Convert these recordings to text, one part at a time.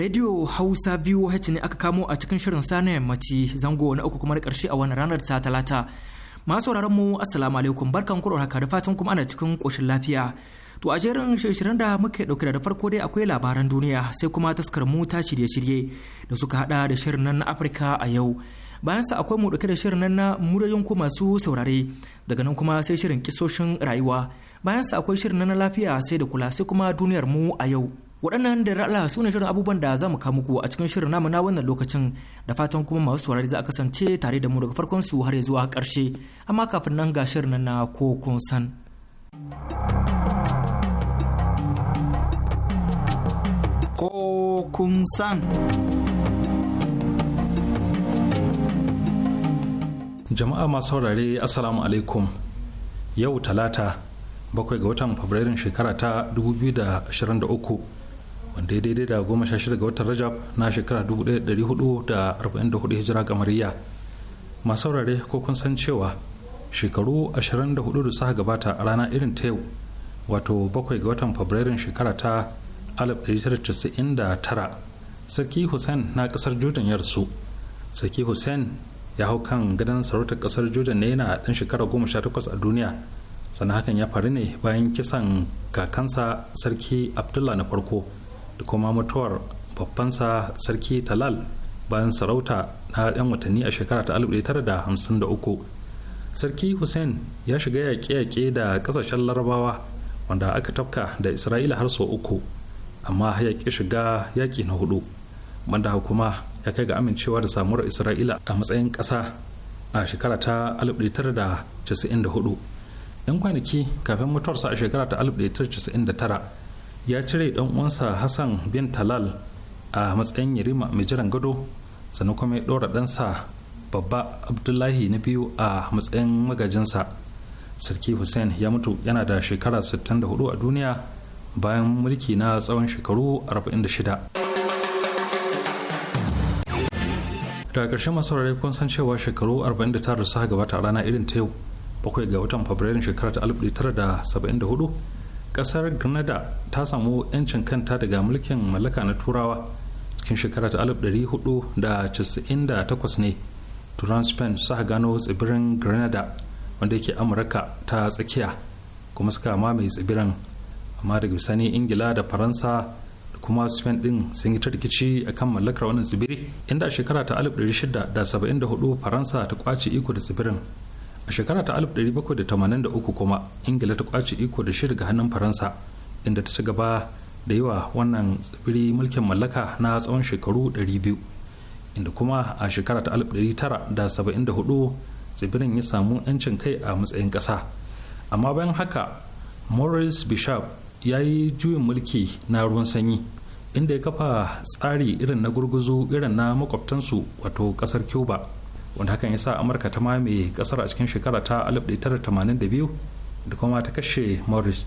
Radio Hausa biyu ne aka kamo a cikin shirin sana yammaci zango na uku kuma da karshe a wani ranar ta talata. Masu sauraron mu assalamu alaikum barkan ku haka da fatan kuma ana cikin koshin lafiya. To a jerin shirin da muke dauke da farko dai akwai labaran duniya sai kuma taskar mu ta shirye-shirye da suka hada da shirin nan na Afirka a yau. bayan sa akwai mu dauke da shirin nan na muryoyin ku masu saurare daga nan kuma sai shirin kisoshin rayuwa bayan sa akwai shirin nan na lafiya sai da kula sai kuma duniyar mu a yau waɗannan da ra'ala su ne shirin abubuwan da za mu kawo muku a cikin shirin namu na wannan lokacin da fatan kuma masu saurari za a kasance tare da mu daga farkon su har zuwa ƙarshe amma kafin nan ga shirin na ko kun san. Ko kun san. Jama'a masu saurare Assalamu alaikum yau talata bakwai ga watan fabrairun shekara ta 2023 wanda ya daidai da goma sha shida ga watan rajab na shekara dubu da da hudu arba'in hudu hijira gamariya masu saurare ko kun san cewa shekaru ashirin da hudu da suka gabata a rana irin ta yau wato bakwai ga watan fabrairun shekara ta tara sarki hussein na kasar jordan ya rasu sarki hussein ya hau kan gadon sarautar kasar jordan ne yana ɗan shekara goma sha takwas a duniya sannan hakan ya faru ne bayan kisan kakansa sarki abdullah na farko da kuma mutuwar babbansa sarki talal bayan sarauta na 'yan watanni a shekara ta 1953 sarki hussein ya shiga yaƙe-yaƙe da ƙasashen larabawa wanda aka tafka da isra'ila har sau uku amma ya ƙi shiga yaƙi na hudu banda kuma ya kai ga amincewa da samuwar isra'ila a matsayin ƙasa a shekara ta 1994 'yan kwanaki kafin mutuwarsa a shekara ta 1999 ya cire dan uwansa hassan bin talal a matsayin yarima mai jiran gado sannan kuma ya ɗora ɗansa babba abdullahi na biyu a matsayin magajinsa sarki hussein ya mutu yana da shekara 64 a duniya bayan mulki na tsawon shekaru 46 daga ƙarshen masu rarrai kun san cewa shekaru 49 da gabata a rana irin ta yau bakwai ga watan fabrairun shekarar ta 1974 kasar grenada ta samu 'yancin kanta daga mulkin mallaka na turawa cikin shekara ta 1498 ne turan spain suka gano tsibirin grenada wanda yake amurka ta tsakiya kuma suka mamaye tsibirin amma daga bisani ingila da faransa da kuma spain din sun yi ta rikici akan mallakar wannan tsibiri inda a shekara ta 1674 faransa ta kwace iko da tsibirin a shekara ta 1783 kuma ingila ta kwace iko da shi daga hannun faransa inda ta ci gaba da yawa wannan tsibiri mulkin mallaka na tsawon shekaru 200 inda kuma a shekara ta 1974 tsibirin ya samu 'yancin kai a matsayin ƙasa amma bayan haka maurice bishop ya yi juyin mulki na ruwan sanyi inda ya kafa tsari irin na gurguzu irin na makwabtansu wato ƙasar cuba wanda hakan ya sa amurka ta mamaye kasar a cikin shekara ta 1982 da kuma ta kashe morris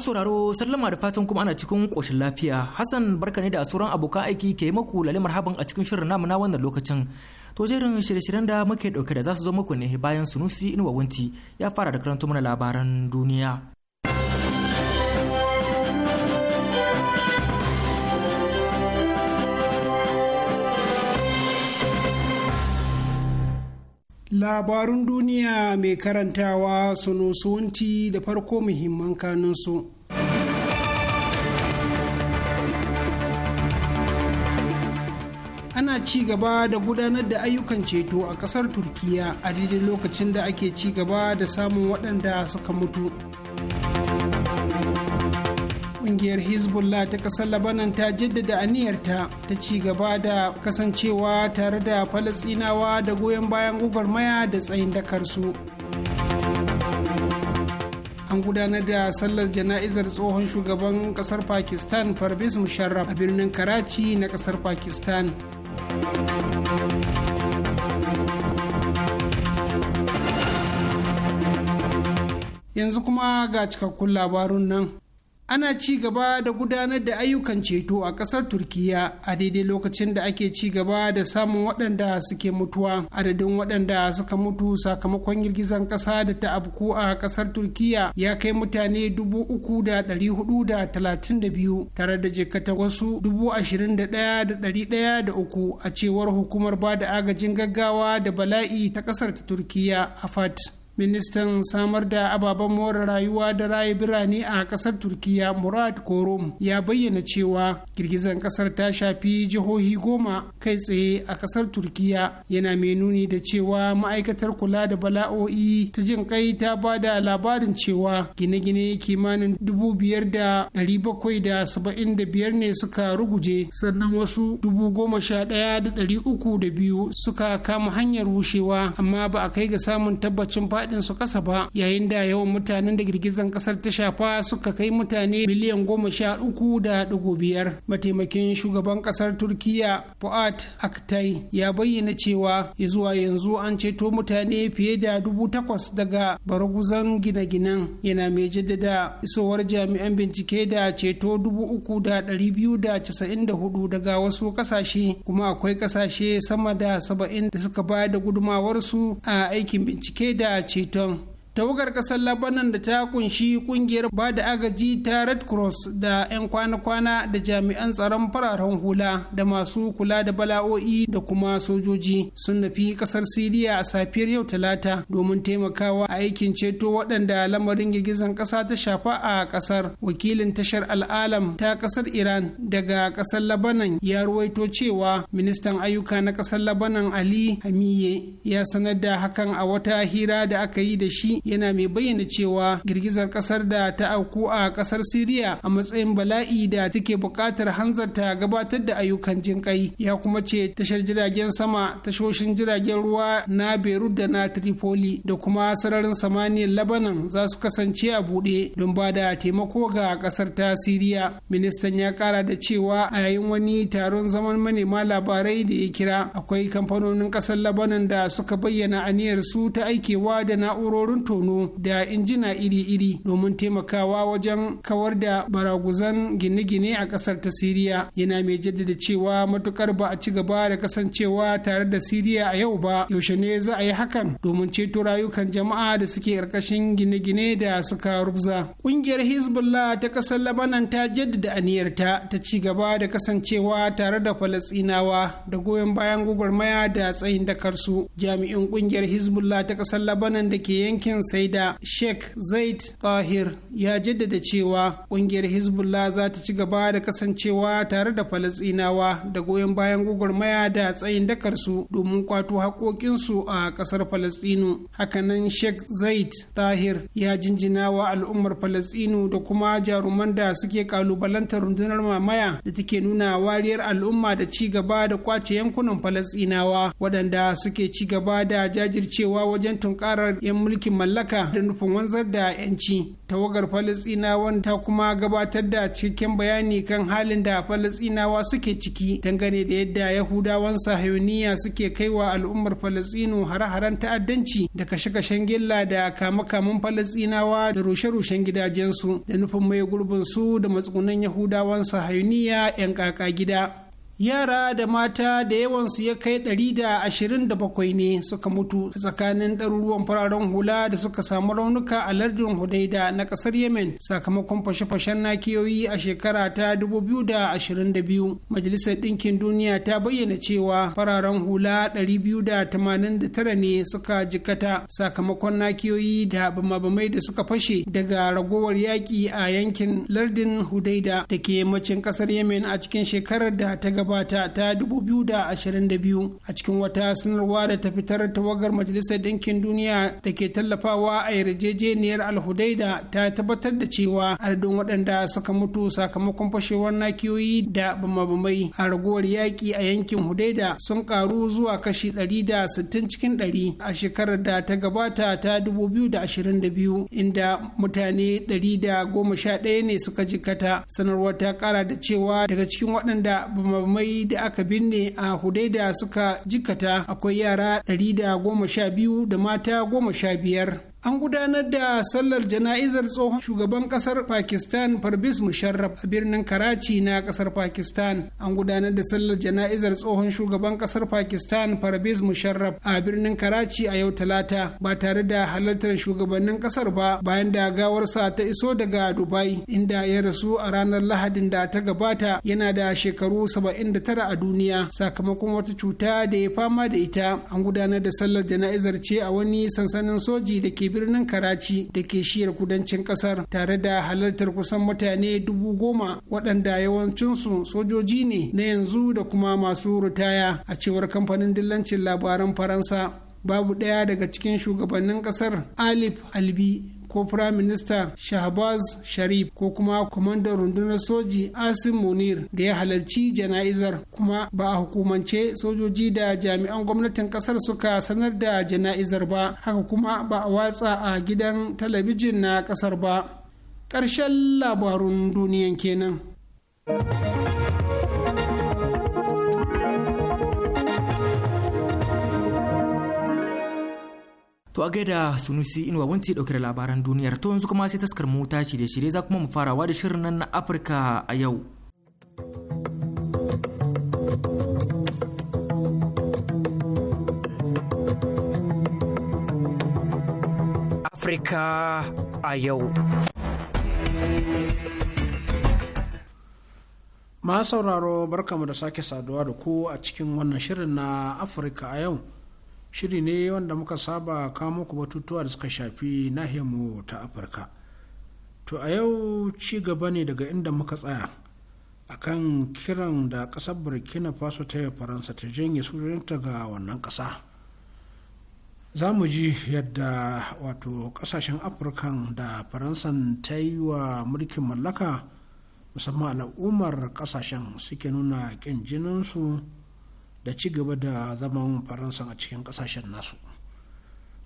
sauraro sallama da fatan kuma ana cikin koshin lafiya hassan barka ne da sauran abokan aiki ke maku lalimar haban a cikin shirin namu na wannan lokacin to jerin shirye-shiryen da muke dauke da za su zo muku ne bayan sunusi inuwa winti ya fara da karanta mana labaran duniya Labarun duniya mai karantawa sunusunti da farko muhimman kanunsu. ana ci gaba da gudanar da ayyukan ceto a kasar turkiya a daidai lokacin da ake ci gaba da samun waɗanda suka mutu. kungiyar hezbollah ta kasar labanan ta jaddada aniyarta ta ci gaba da kasancewa tare da falasinawa da goyon bayan maya da tsayin dakarsu an gudanar da sallar jana'izar tsohon shugaban kasar pakistan farbis musharraf a birnin karachi na kasar pakistan yanzu kuma ga cikakkun labarun nan ana ci gaba da gudanar da ayyukan ceto a kasar turkiya a daidai lokacin da ake ci gaba da samun waɗanda suke mutuwa adadin waɗanda suka mutu sakamakon girgizan ƙasa da ta abku a kasar turkiya ya kai mutane dubu tare da jikata wasu dubu da uku a cewar hukumar ba da agajin gaggawa da bala'i ta ƙasar turkiya a afat ministan samar da ababen more rayuwa da raye birane a kasar turkiya murad korom ya bayyana cewa girgizan kasar ta shafi jihohi goma kai tsaye a kasar turkiya yana mai nuni da cewa ma'aikatar kula da bala'o'i ta jin kai ta ba da labarin cewa gine-gine kimanin dubu biyar da ne suka ruguje sannan wasu dubu biyu suka kama hanyar rushewa amma ba a kai ga samun tabbacin faɗi fadin su kasa ba yayin da yawan mutanen da girgizan kasar ta shafa suka kai mutane miliyan goma sha uku da dugu biyar mataimakin shugaban kasar turkiya fuad aktai ya bayyana cewa ya zuwa yanzu an ceto mutane fiye da dubu takwas daga baraguzan gine-ginen yana mai jaddada isowar jami'an bincike da ceto dubu uku da ɗari biyu da casa'in da hudu daga wasu ƙasashe kuma akwai ƙasashe sama da saba'in da suka bayar da gudumawarsu a aikin bincike da ceton tawagar kasar labanan da ta kunshi kungiyar ba da agaji ta red cross da 'yan kwana-kwana da jami'an tsaron fararen hula da masu kula da bala'o'i da kuma sojoji sun nufi kasar siriya a safiyar yau talata domin taimakawa a aikin ceto waɗanda lamarin girgizan ƙasa ta shafa a ƙasar wakilin tashar al'alam ta ƙasar iran daga ƙasar labanan ya ruwaito cewa ministan ayyuka na ƙasar labanan ali hamiye ya sanar da hakan a wata hira da aka yi da shi yana mai bayyana cewa girgizar kasar da ta auku a kasar Siriya a matsayin bala'i da take buƙatar hanzarta gabatar da ayyukan jinƙai ya kuma ce tashar jiragen sama tashoshin jiragen ruwa na Beirut da na Tripoli da kuma sararin samaniyar Lebanon za su kasance a buɗe don ba da taimako ga kasar ta Siriya ministan ya ƙara da cewa a yayin wani taron zaman manema labarai da ya kira akwai kamfanonin ƙasar Lebanon da suka bayyana aniyar su ta aikewa da na'urorin tono da injina iri-iri domin taimakawa wajen kawar da baraguzan gine-gine a kasar ta siriya yana mai jaddada cewa matukar ba a ci gaba da kasancewa tare da siriya a yau ba yaushe ne za a yi hakan domin ceto rayukan jama'a da suke ƙarƙashin gine-gine da suka rubza ƙungiyar hezbollah ta ƙasar labanan ta jaddada aniyarta ta ci gaba da kasancewa tare da falasinawa da goyon bayan gwagwarmaya da tsayin dakarsu jami'in ƙungiyar hezbollah ta ƙasar labanan da ke yankin sai da sheikh zaid tahir ya jaddada cewa kungiyar hezbollah za ta ci gaba da kasancewa tare da falasinawa da goyon bayan gwagwarmaya da tsayin dakarsu domin kwato haƙoƙinsu a ƙasar falasinu hakanan sheikh zaid tahir ya jinjina wa al'ummar falasinu da kuma jaruman da suke kalubalantar rundunar mamaya da take nuna wariyar al'umma da ci gaba da kwace yankunan falasinawa waɗanda suke ci gaba da jajircewa wajen tunkarar 'yan mulkin mallaka da nufin wanzar da 'yanci tawagar falisinawa ta kuma gabatar da cikin bayani kan halin da falisinawa suke ciki dangane da yadda yahudawan sahayuniya suke kaiwa al'ummar falasinu har haren ta'addanci da kashe-kashen gilla da kama-kaman da rushe-rushen gidajensu da nufin mai gurbin su da matsugunan yahudawan sahayuniya 'yan kaka gida yara da mata da yawansu ya kai 127 ne suka mutu tsakanin ɗaruruwan fararen hula da suka samu raunuka a lardin hudaida na ƙasar yemen sakamakon fashe-fashen nakiyoyi a shekara ta 2022 majalisar ɗinkin duniya ta bayyana cewa fararen hula 289 ne suka jikata sakamakon nakiyoyi da bama-bamai da suka fashe daga ragowar yaƙi a yankin lardin hudaida da ke macin ƙasar yemen a cikin shekarar da ta gaba gabata ta 2022 a cikin wata sanarwa da ta fitar tawagar majalisar ɗinkin duniya da ke tallafawa a yarjejeniyar alhudaida ta tabbatar da cewa adadin waɗanda suka mutu sakamakon fashewar nakiyoyi da bamabamai a ragowar yaƙi a yankin hudaida sun ƙaru zuwa kashi 160 cikin 100 a shekarar da ta gabata ta 2022 inda mutane 111 ne suka jikata sanarwar ta kara da cewa daga cikin waɗanda bamabamai mai da aka binne a hudaida suka jikata akwai yara 112 da mata 15 an gudanar da sallar jana'izar tsohon shugaban kasar pakistan farbis musharraf a birnin karachi na kasar pakistan an gudanar da sallar jana'izar tsohon shugaban kasar pakistan farbis musharraf a birnin karachi a yau talata ba tare da halartar shugabannin kasar ba bayan da gawarsa ta iso daga dubai inda ya rasu a ranar lahadin da ta gabata yana da shekaru 79 a duniya sakamakon wata cuta da ya fama da ita an gudanar da sallar jana'izar ce a wani sansanin soji da ke birnin karachi da ke shiyar kudancin kasar tare da halartar kusan mutane dubu goma waɗanda yawancinsu sojoji ne na yanzu da kuma masu ritaya a cewar kamfanin dillancin labaran faransa babu ɗaya daga cikin shugabannin ƙasar alif albi ko firayim minista shahbaz sharif ko kuma kwamandan rundunar soji asim munir da ya halarci jana'izar kuma ba a hukumance sojoji da jami'an gwamnatin kasar suka sanar da jana'izar ba haka kuma ba a watsa a gidan talabijin na kasar ba ƙarshen labarun duniyan kenan. To a gaida Sunusi Inuwa wanti ɗauke da labaran duniyar to yanzu kuma sai taskar mota ce da shirye za kuma mu farawa da shirin nan na Afirka a yau. Afirka a yau. Ma sauraro barkamu da sake saduwa da ku a cikin wannan shirin na Afirka a yau. shiri ne wanda muka saba kamo ku batutuwa da suka shafi nahiyarmu ta afirka to a yau ci gaba ne daga inda muka tsaya akan kiran da ƙasar burkina faso ta yi faransa ta janye sojojinta ga wannan ƙasa za mu ji yadda wato ƙasashen afirkan da faransan ta yi wa mulkin mallaka musamman al'ummar ƙasashen suke nuna ƙin jininsu da ci gaba da zaman faransa a cikin kasashen nasu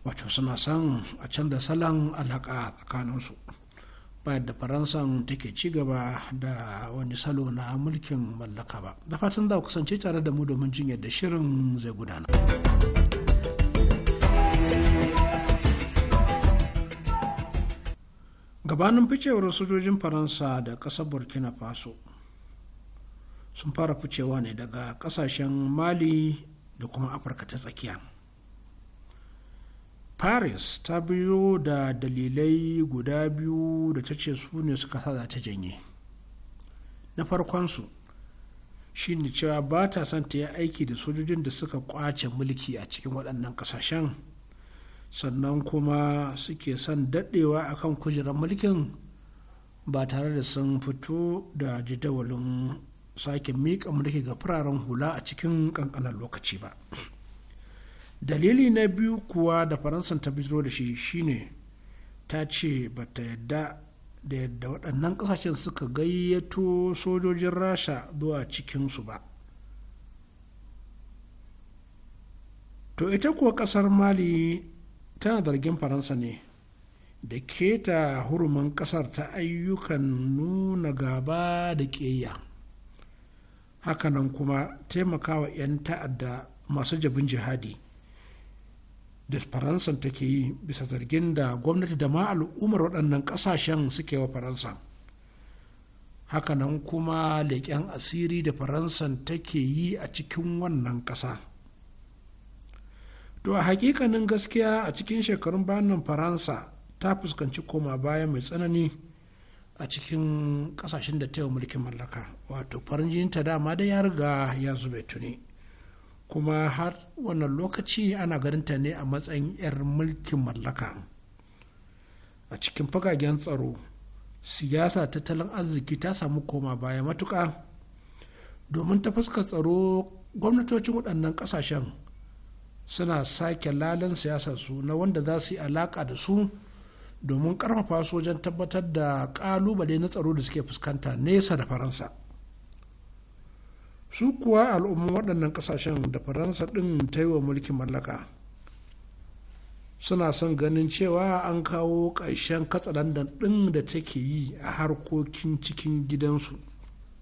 wato suna san a canza salon alaƙa tsakaninsu bayan da faransa take ci gaba da wani salo na mulkin mallaka ba da fatan za ku kasance tare da mu domin jin yadda shirin zai gudana gabanin ficewar sojojin faransa da ƙasar burkina faso sun fara ficewa ne daga kasashen mali da kuma afirka ta tsakiya paris ta biyo da dalilai guda biyu da ta ce su ne suka sa ta janye na farkonsu shi ne cewa ba ta son ta yi aiki da sojojin da suka kwace mulki a cikin waɗannan kasashen sannan kuma suke son daɗewa kan kujerar mulkin ba tare da sun fito da jadawalin sake miƙa dake ga fararen hula a cikin ƙanƙanar lokaci ba dalili na biyu kuwa da faransan ta bijiro da shi shine ta ce ba ta yadda da yadda waɗannan ƙasashen suka gayyato sojojin rasha zuwa cikinsu ba to ita kuwa ƙasar mali tana zargin faransa ne da keta huruman ƙasar ta ayyukan nuna gaba da ƙeya. hakanan kuma taimakawa 'yan ta'adda masu jabin jihadi da faransa take yi bisa zargin da gwamnati da ma al'ummar waɗannan ƙasashen suke wa faransa hakanan kuma leƙen asiri da faransa take yi a cikin wannan ƙasa to a hakikanin gaskiya a cikin shekarun bayan faransa ta fuskanci koma baya mai tsanani a cikin kasashen da ta yi mulkin mallaka wato farin ta dama da ya riga ya zube tuni kuma har wannan lokaci ana garinta ne a matsayin 'yar mulkin mallaka a cikin fagagen tsaro siyasa tattalin arziki ta samu koma baya matuka domin ta fuskar tsaro gwamnatocin waɗannan ƙasashen suna sake lalan siyasarsu na wanda za su yi alaƙa da su domin karfafa su wajen tabbatar da kalubale na tsaro da suke fuskanta nesa da faransa su kuwa al'umman waɗannan ƙasashen da faransa ɗin ta yi wa mulkin mallaka suna son ganin cewa an kawo ƙarshen katsalandan ɗin da take yi a harkokin cikin gidansu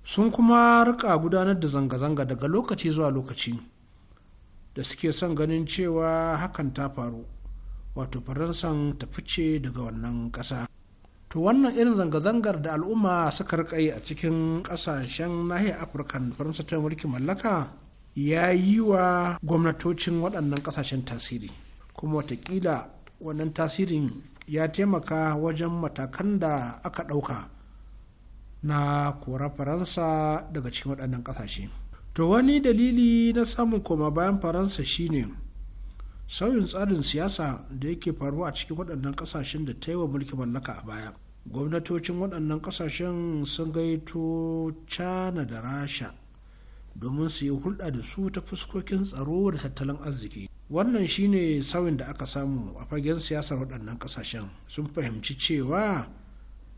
sun kuma rika gudanar da zanga-zanga daga lokaci zuwa lokaci da suke son ganin cewa hakan ta faru wato faransan ta fice daga wannan ƙasa to wannan irin zanga-zangar da al'umma suka rikai a cikin ƙasashen nahiyar afirka da faransa ta mulki mallaka ya yi wa gwamnatocin waɗannan ƙasashen tasiri kuma watakila wannan tasirin ya taimaka wajen matakan da aka ɗauka na kora faransa daga cikin waɗannan ƙasashe to wani dalili na samun koma bayan faransa shine sauyin tsarin siyasa da yake faruwa a cikin waɗannan ƙasashen da ta yi wa mulki mallaka a baya gwamnatocin waɗannan ƙasashen sun gaito cana da rasha domin su yi hulɗa da su ta fuskokin tsaro da tattalin arziki wannan shine sauyin da aka samu a fagen siyasar waɗannan ƙasashen sun fahimci cewa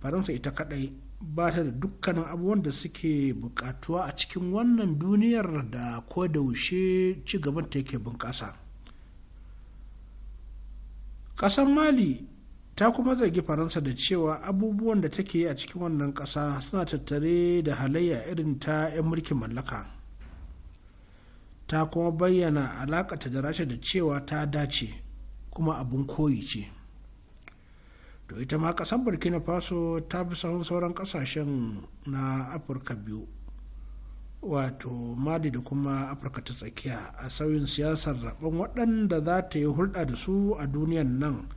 faransa ita kaɗai ba ta da dukkanin abubuwan da suke bukatuwa a cikin wannan duniyar da ko da ci gaban ta yake bunƙasa ƙasar mali ta kuma zargi faransa da cewa abubuwan da take yi a cikin wannan ƙasa suna tattare da halayya irin ta 'yan mulkin mallaka ta kuma bayyana alaƙata da rasha da cewa ta dace kuma abin koyi ce to ita ma ƙasar burkina faso ta fi sauran ƙasashen na afirka biyu wato mali da kuma afirka ta tsakiya a sauyin siyasar zaben waɗanda za ta yi hulɗa da su a duniyan nan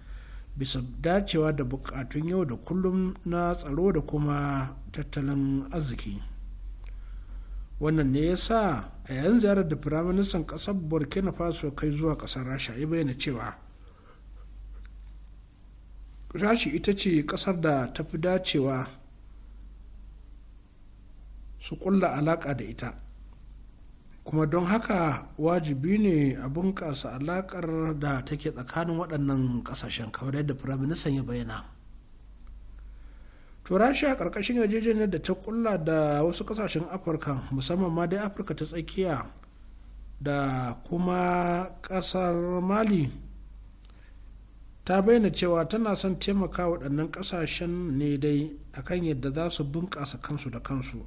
bisa dacewa da buƙatun yau da kullum na tsaro da kuma tattalin arziki wannan ne ya sa a yayin ziyarar da firaministan ƙasar burkina faso kai zuwa ƙasar rasha ya bayyana cewa rashi ita ce ƙasar da ta fi dacewa su kulla alaka da ita kuma don haka wajibi ne a bunƙasa alaƙar da take tsakanin waɗannan ƙasashen kamar yadda firaministan ya bayyana to rasha ƙarƙashin yarjejeniyar da ta kulla da wasu ƙasashen afirka musamman ma dai afirka ta tsakiya da kuma ƙasar mali ta bayyana cewa tana son taimaka waɗannan ƙasashen ne dai akan yadda za su bunƙasa kansu da kansu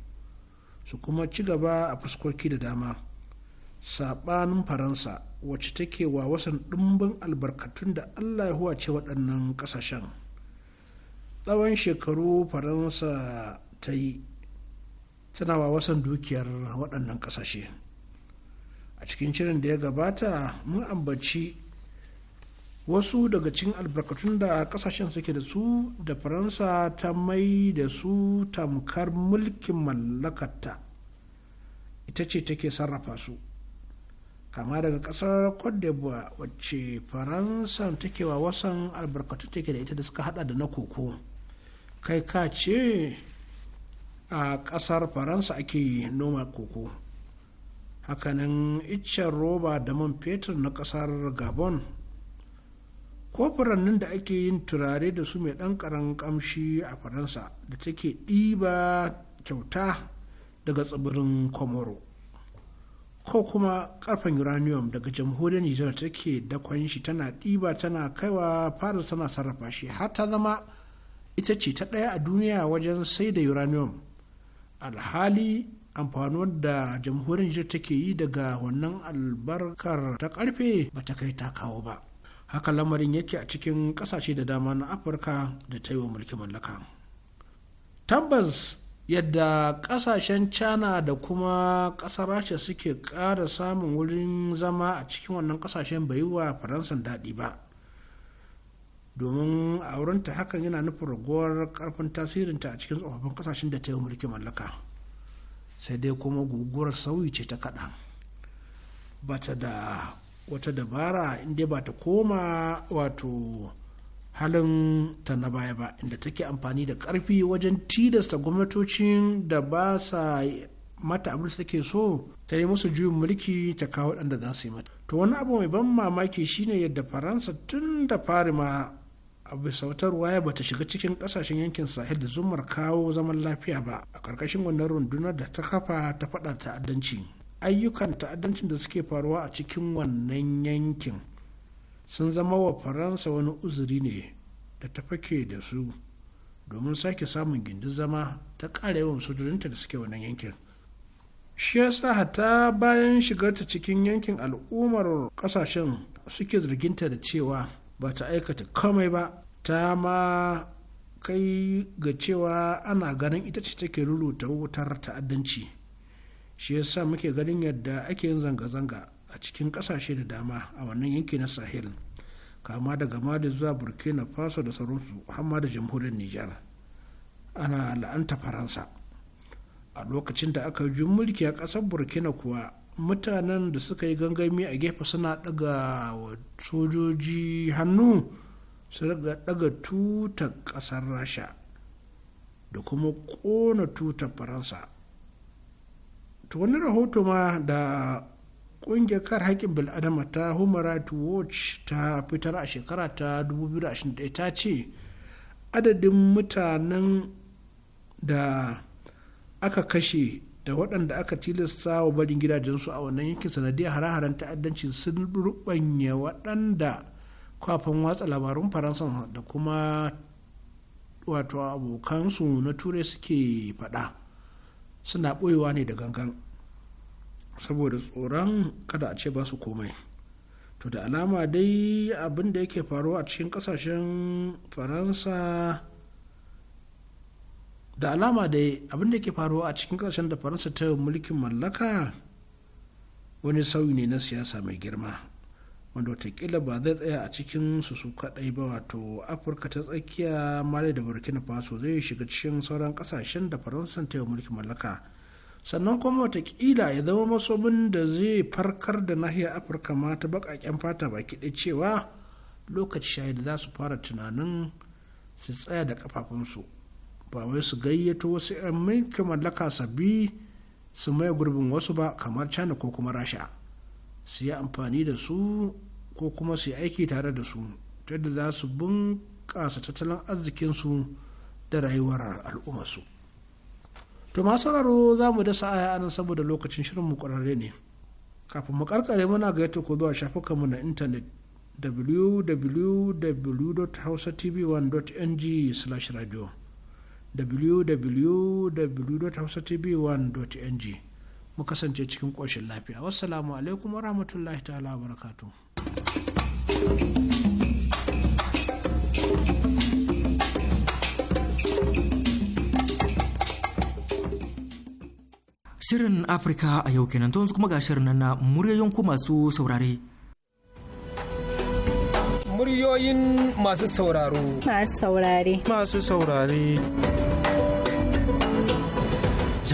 su kuma ci gaba a fuskoki da dama saɓanin faransa wacce take wa wasan ɗumbin albarkatun da allah ya huwace waɗannan ƙasashen tsawon shekaru faransa ta yi tana wa wasan dukiyar waɗannan ƙasashe a cikin shirin da ya gabata mun ambaci wasu daga cikin albarkatun da kasashen suke da su da faransa ta mai da su tamkar mulkin mallakarta ita ce take sarrafa su kama daga kasar cote d'ivoire wacce faransa take wa wasan albarkatu take da ita da suka hada da na koko kai ka ce a kasar faransa ake noma koko hakanan iccen roba da man fetur na kasar gabon kofuran nan da ake yin turare da su mai ɗan karan ƙamshi a faransa da take ɗiba kyauta daga tsibirin komoro ko kuma ƙarfen uranium daga jamhuriyar nijar take dakon shi tana ɗiba tana kaiwa fara tana sarrafa shi har ta zama ita ce ta ɗaya a duniya wajen sai da uranium alhali amfanuwar da jamhuriyar nijar take yi daga wannan albarkar ta karfe ba ta kai ta kawo ba haka lamarin yake a cikin kasashe da dama na afirka da ta yi wa mulkin mallaka tabbas yadda kasashen china da kuma kasar rasha suke kara samun wurin zama a cikin wannan kasashen bai wa faransa daɗi ba domin a wurinta hakan yana nufin raguwar karfin tasirinta a cikin tsofaffin kasashen da ta yi mulkin mallaka sai dai kuma guguwar sauyi ce ta kaɗan bata da wata dabara inda ba ta koma wato halin ta na baya ba inda take amfani da karfi wajen tilasta gwamnatocin da ba sa mata abin da take so ta yi musu juyin mulki ta kawo ɗan da za su yi mata to wani abu mai ban mamaki shine yadda faransa tun da fari ma a bisa wata ruwaya ta shiga cikin kasashen yankin sahel da zumar kawo zaman lafiya ba a ƙarƙashin wannan rundunar da ta kafa ta faɗa ta'addanci ayyukan ta'addancin da suke faruwa a cikin wannan yankin sun zama wa faransa wani uzuri ne da ta fake da su domin sake samun gindin zama ta ƙara yawan sojojinta da suke wannan yankin shi yasa hata bayan shigarta cikin yankin al'ummar ƙasashen suke zarginta da cewa ba ta aikata kamai ba ta ma kai ga cewa ana ganin ita ce take rurrutar wutar ta'addanci shi ya sa muke ganin yadda ake yin zanga-zanga a cikin kasashe da dama a wannan yanki na sahel kama daga mali zuwa burkina faso da sauransu hamma da jamhuriyar nijar ana la'anta faransa a lokacin da aka ji mulki a ƙasar burkina kuwa mutanen da suka yi gangami a gefe suna daga sojoji hannu su daga tutar ƙasar rasha da kuma ƙona tutar faransa to wani rahoto ma da kungiyar kar haƙƙin bil'adama ta human rights watch ta fitar a shekara ta 2021 ta ce adadin mutanen da aka kashe da waɗanda aka tilasta wa barin gidajensu a wannan yankin sanadiyar hare-haren ta'addanci sun rubanya waɗanda kafin watsa labarun faransa da kuma wato abokansu na turai suke faɗa suna ɓoyewa ne da gangan saboda tsoron kada a ce ba su komai to da alama dai abin da yake faruwa a cikin kasashen faransa da alama dai abin da yake faruwa a cikin kasashen da faransa ta mulkin mallaka wani sauyi ne na siyasa mai girma wanda watakila ba zai tsaya a cikin su su kadai ba wato afirka ta tsakiya mali da burkina faso zai shiga cikin sauran kasashen da faransa ta yi mulkin mallaka sannan kuma watakila ya zama masobin da zai farkar da nahiyar afirka ma ta bakaken fata baki ɗaya cewa lokaci shayi da za su fara tunanin su tsaya da kafafunsu ba wai su gayyato wasu 'yan mulkin mallaka sabbi su maye gurbin wasu ba kamar china ko kuma rasha su yi amfani da su ko kuma su yi aiki tare da su ta yadda za su bunƙasa tattalin arzikinsu da rayuwar al'ummarsu to masu sauraro za mu dasa aya anan saboda lokacin shirin mu ƙwararre ne kafin mu ƙarƙare muna ga yadda ko zuwa shafukanmu na intanet www.hausatv1.ng/radio www.hausatv1.ng mu kasance cikin ƙoshin lafiya wassalamu alaikum rahmatullahi ta'ala barakatuh Shirin Afirka a yau kenan to kuma ga shirin na muryoyin ku masu saurare. Muryoyin masu sauraro. Masu saurare. Masu saurare.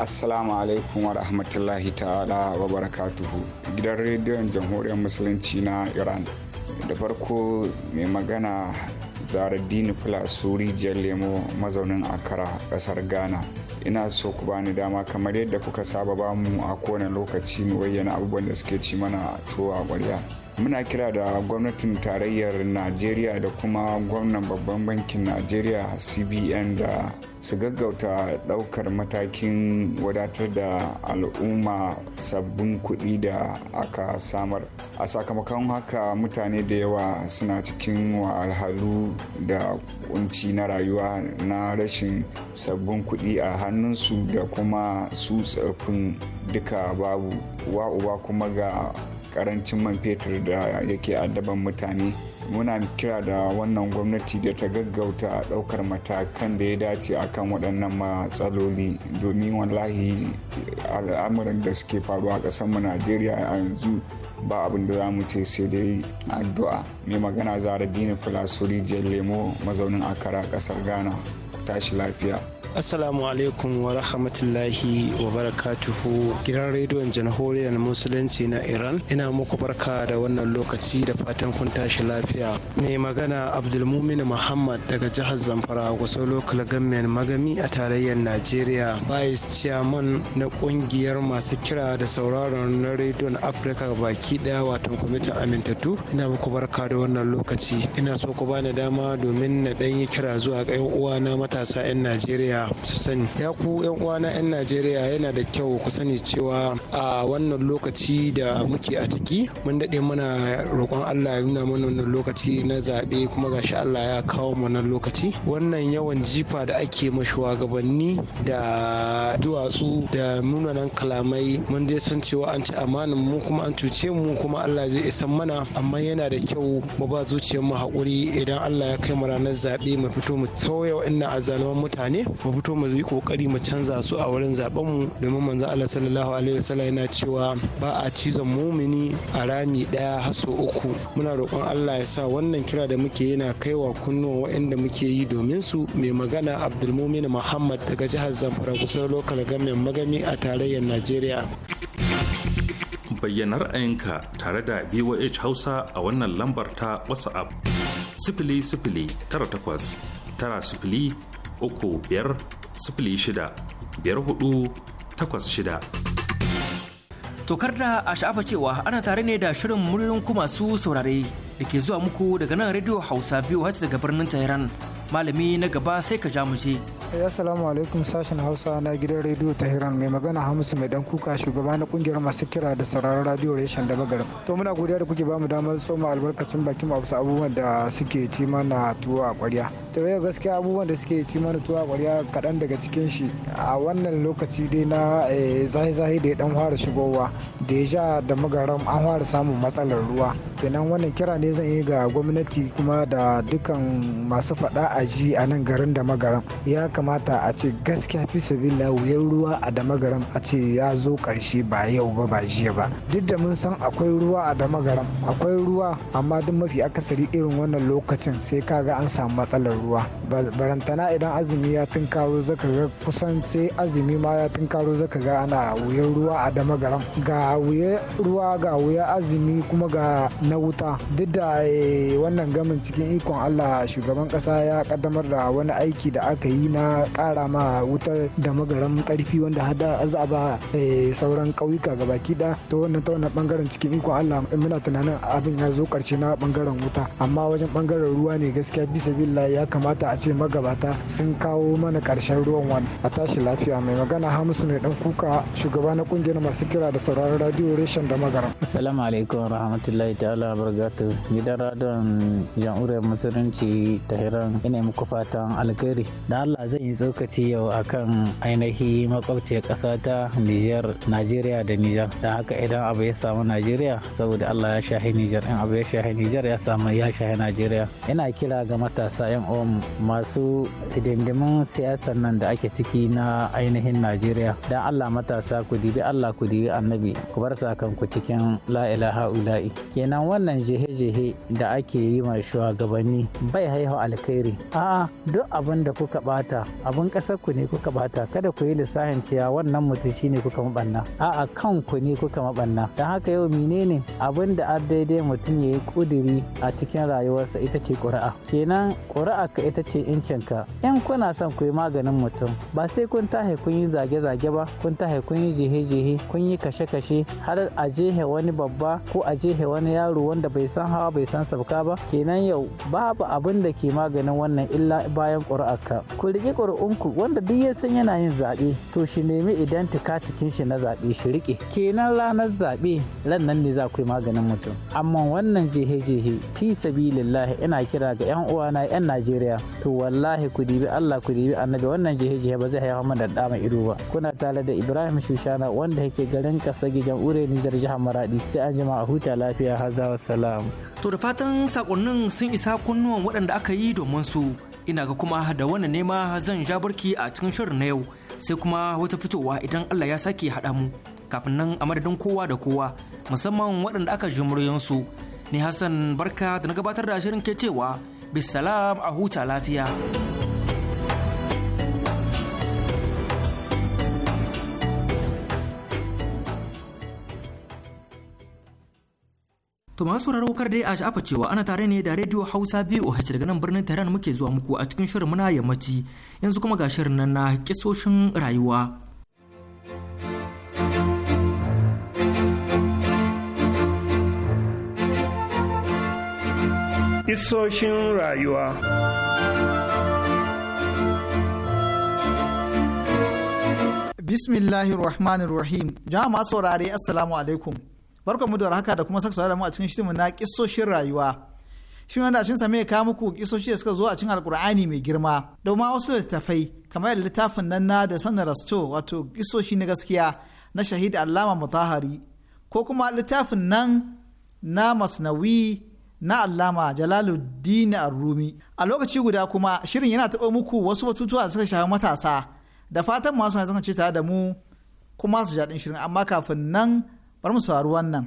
assalamu alaikum wa rahmatullahi ta'ala wa barakatuhu gidan rediyon jamhuriyar musulunci na iran da farko mai magana zaraddini filasu rijiyar lemo mazaunin akara kasar ghana ina so ku bani dama kamar yadda kuka saba ba mu a kowane lokaci mu bayyana abubuwan da suke ci mana tuwa kwarya muna kira da gwamnatin tarayyar najeriya da kuma gwamnan babban bankin najeriya cbn da su gaggauta ɗaukar matakin wadatar da al'umma sabbin kuɗi da aka samar a sakamakon haka mutane da yawa suna cikin wahalhalu da kunci na rayuwa na rashin sabbin kuɗi a hannunsu da kuma su tsofin duka babu wa uba kuma ga karancin man fetur da yake addaban mutane muna kira da wannan gwamnati da ta gaggauta a ɗaukar matakan da ya dace a kan waɗannan matsaloli domin wallahi al'amuran da suke faruwa a ƙasarmu najeriya a yanzu ba abin da za mu ce sai dai addu'a mai magana zara dini fulasuri jiyar lemo mazaunin akara ƙasar ghana ku tashi lafiya Assalamu alaikum wa rahmatullahi wa barakatuhu gidan rediyon jamhuriyar musulunci na Iran ina muku barka da wannan lokaci da fatan kun tashi lafiya. Mai magana Abdulmumin Muhammad daga jihar Zamfara Gwaso Local Government Magami a tarayyar Najeriya Vice Chairman na kungiyar masu kira da sauraron na rediyon Afirka baki daya wato kwamitin amintattu ina muku barka da wannan lokaci ina so ku bani dama domin na ɗan kira zuwa ga uwa na matasa 'yan Najeriya su sani. Ya ku 'yan uwana 'yan Najeriya yana da kyau ku sani cewa a wannan lokaci da muke a ciki mun daɗe mana roƙon Allah ya nuna mana wannan lokaci na zaɓe kuma gashi Allah ya kawo mu wannan lokaci. Wannan yawan jifa da ake ma shugabanni da duwatsu da munanan kalamai mun dai san cewa an ci amanin mu kuma an cuce mu kuma Allah zai isan mana amma yana da kyau mu ba zuciyar mu haƙuri idan Allah ya kai mu ranar zaɓe mu fito mu tauye wa'annan azzaluman mutane mu fito mu yi kokari mu canza su a wurin zaben mu domin manzo Allah sallallahu alaihi wasallam yana cewa ba a cizon mumini a rami daya haso uku muna roƙon Allah ya sa wannan kira da muke yana kaiwa kunnuwan waɗanda muke yi domin su mai magana Abdulmumin Muhammad daga jihar Zamfara kusan lokal government magami a tarayyar Najeriya. Bayyana ra'ayinka tare da VOH Hausa a wannan lambar ta WhatsApp. Sifili sifili tara takwas tara sifili uku biyar sifili shida biyar hudu takwas shida. Tokar da a sha'afa cewa ana tare ne da shirin muryoyin ku masu saurare da ke zuwa muku daga nan Radio Hausa biyu hajji daga birnin Tehran. malami na gaba sai ka ja mu je. Eh, assalamu alaikum sashen Hausa na gidan rediyo hiran mai magana Hamisu mai dan kuka shugaba na kungiyar masu kira da sauraron radiyo reshen da bagarin. To muna godiya da kuke bamu damar soma albarkacin bakin mu bisa abubuwan da suke ci mana tuwa a ƙwarya. To yau gaskiya abubuwan da suke ci mana tuwo a ƙwarya kaɗan daga cikin shi a wannan lokaci dai na eh, zahi-zahi da ya dan fara shigowa da ya ja da magaram an fara samun matsalar ruwa. Kenan wannan kira ne zan yi ga gwamnati kuma da dukkan masu faɗa a ji a nan garin da magaram ya kamata a ce gaskiya fi sabila wuyan ruwa a da a ce ya zo karshe ba yau ba ba jiya ba duk da mun san akwai ruwa a da akwai ruwa amma duk mafi akasari irin wannan lokacin sai kaga an samu matsalar ruwa barantana idan azumi ya tunkaro zaka ga kusan sai azumi ma ya tunkaro zaka ga ana wuyan ruwa a da magaram ga wuya ruwa ga wuya azumi kuma ga na wuta duk da eh, wannan gamin cikin ikon Allah shugaban kasa ya kaddamar da wani aiki da aka yi na kara ma wutar da magaran karfi wanda hada azaba eh, sauran ga gabaki da to wannan ta wannan bangaren cikin ikon Allah muna tunanin abin ya zo karshe na bangaren wuta amma wajen bangaren ruwa ne gaskiya bisa billah ya kamata a ce magabata sun kawo mana karshen ruwan wani a tashi lafiya mai magana hamisu mai dan kuka shugaba na kungiyar masu kira da sauraron radio reshen da magaran. assalamu alaikum rahmatullahi ta'ala barakatuh gidan radon jam'uriyar musulunci tahiran ne muku fatan alkhairi da Allah zai yi tsokaci yau akan ainihi makwabciyar kasa ta Nijar Najeriya da Nijar da haka idan abu ya samu Najeriya saboda Allah ya shahi Nijar in abu ya shahi Nijar ya samu ya shahi Najeriya ina kira ga matasa yan uwan masu tidindimin siyasar nan da ake ciki na ainihin Najeriya da Allah matasa ku dibi Allah ku dibi annabi ku bar ku cikin la ilaha ula'i kenan wannan jehe-jehe da ake yi ma shugabanni bai haihu alkhairi a'a duk abin da kuka bata abin ƙasar ku ne kuka bata kada ku yi lissafin cewa wannan mutum shine kuka mabanna a'a kan ku ne kuka mabanna don haka yau menene abin da an daidai mutum ya yi a cikin rayuwarsa ita ce ƙuri'a kenan ƙuri'a ka ita ce ka in kuna son ku yi maganin mutum ba sai kun tahe kun yi zage-zage ba kun tahe kun yi jehe jihe kun yi kashe-kashe har a jehe wani babba ko a jehe wani yaro wanda bai san hawa bai san sabka ba kenan yau babu abin da ke maganin wani wannan illa bayan ƙuri'arka ku riƙi ƙuri'unku wanda duk ya san yana yin zaɓe to shi nemi idan tikatikin shi na zaɓe shi riƙe kenan ranar zaɓe ran nan ne za ku yi maganin mutum amma wannan jehe-jehe fi sabilillahi ina kira ga yan uwana yan najeriya to wallahi ku dibi allah ku dibi annabi wannan jehe-jehe ba zai haifa mana da mai ido ba kuna tare da ibrahim shushana wanda yake garin kasa gijan ure nijar jihar maradi sai an jima a huta lafiya hazawa salam to da fatan sakonnin sun isa kunnuwan waɗanda aka yi domin su ina ga kuma da wannan nema zan ja barki a cikin shirin na yau sai kuma wata fitowa idan Allah ya sake haɗa mu kafin nan a madadin kowa da kowa musamman waɗanda aka ji muryansu ni Hassan barka da na gabatar da shirin ke cewa bisalam a huta lafiya. To masu sauraro kar dai a sha'afa cewa ana tare ne da Radio Hausa VOH daga nan birnin Tehran muke zuwa muku a cikin shirin muna yammaci yanzu kuma ga shirin nan na kisoshin rayuwa. Kisoshin rayuwa Bismillahirrahmanirrahim. Jama'a saurare Assalamu alaikum. barkan mu da haka da kuma saka da mu a cikin shirin na kisoshin rayuwa shin wanda a cikin same ya kawo muku kisoshi da suka zo a cikin alkur'ani mai girma da ma wasu littafai kamar yadda littafin nan na da sanar rasto wato kisoshi na gaskiya na shahid allama mutahari ko kuma littafin nan na masnawi na allama jalaluddin arrumi a lokaci guda kuma shirin yana taɓa muku wasu batutuwa da suka shafi matasa da fatan masu na ce tare da mu kuma su jaɗin shirin amma kafin nan bar mu saurari wannan